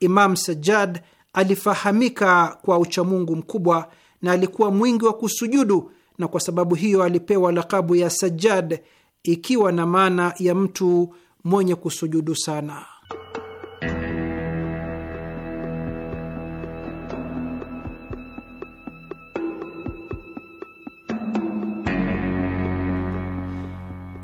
Imam Sajjad alifahamika kwa uchamungu mkubwa na alikuwa mwingi wa kusujudu, na kwa sababu hiyo alipewa lakabu ya Sajjad, ikiwa na maana ya mtu mwenye kusujudu sana.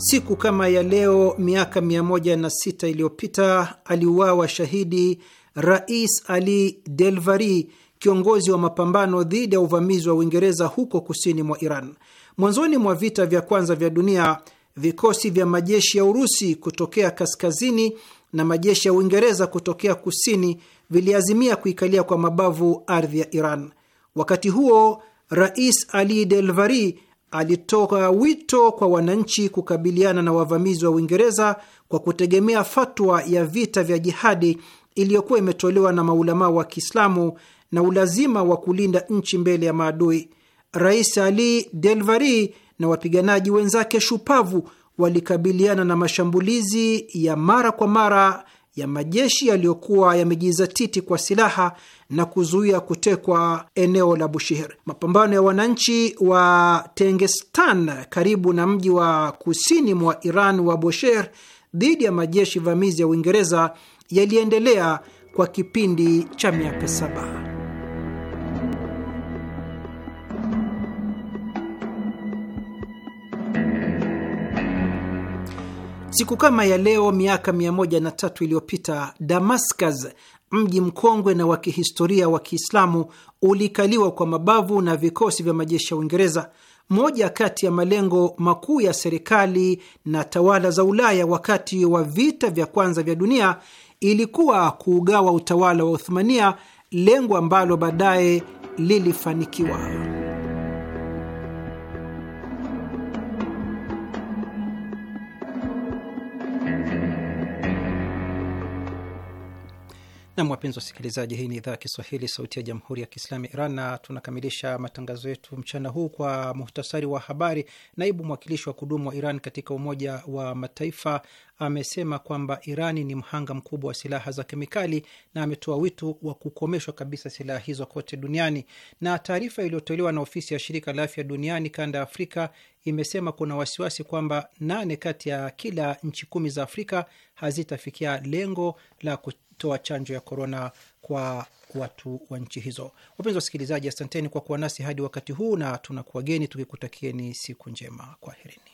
Siku kama ya leo miaka 106 iliyopita aliuawa shahidi Rais Ali Delvari, kiongozi wa mapambano dhidi ya uvamizi wa Uingereza huko kusini mwa Iran. Mwanzoni mwa vita vya kwanza vya dunia, vikosi vya majeshi ya Urusi kutokea kaskazini na majeshi ya Uingereza kutokea kusini viliazimia kuikalia kwa mabavu ardhi ya Iran. Wakati huo Rais Ali Delvari alitoa wito kwa wananchi kukabiliana na wavamizi wa Uingereza kwa kutegemea fatwa ya vita vya jihadi iliyokuwa imetolewa na maulamaa wa Kiislamu na ulazima wa kulinda nchi mbele ya maadui. Rais Ali Delvari na wapiganaji wenzake shupavu walikabiliana na mashambulizi ya mara kwa mara ya majeshi yaliyokuwa yamejizatiti kwa silaha na kuzuia kutekwa eneo la Bushehr. Mapambano ya wananchi wa Tengestan karibu na mji wa kusini mwa Iran wa Bushehr dhidi ya majeshi vamizi ya Uingereza yaliendelea kwa kipindi cha miaka saba. Siku kama ya leo miaka 13 iliyopita Damascus, mji mkongwe na wa kihistoria wa Kiislamu, ulikaliwa kwa mabavu na vikosi vya majeshi ya Uingereza. Moja kati ya malengo makuu ya serikali na tawala za Ulaya wakati wa vita vya kwanza vya dunia ilikuwa kuugawa utawala wa Uthmania, lengo ambalo baadaye lilifanikiwa. Nam, wapenzi wasikilizaji, hii ni idhaa ya Kiswahili sauti ya jamhuri ya kiislamu ya Iran na tunakamilisha matangazo yetu mchana huu kwa muhtasari wa habari. Naibu mwakilishi wa kudumu wa Iran katika Umoja wa Mataifa amesema kwamba Irani ni mhanga mkubwa wa silaha za kemikali na ametoa wito wa kukomeshwa kabisa silaha hizo kote duniani. Na taarifa iliyotolewa na ofisi ya shirika la afya duniani kanda ya Afrika imesema kuna wasiwasi kwamba nane kati ya kila nchi kumi za Afrika hazitafikia lengo la kutoa chanjo ya korona kwa watu wa nchi hizo. Wapenzi wasikilizaji, asanteni kwa kuwa nasi hadi wakati huu, na tunakuwageni tukikutakieni siku njema. Kwaherini.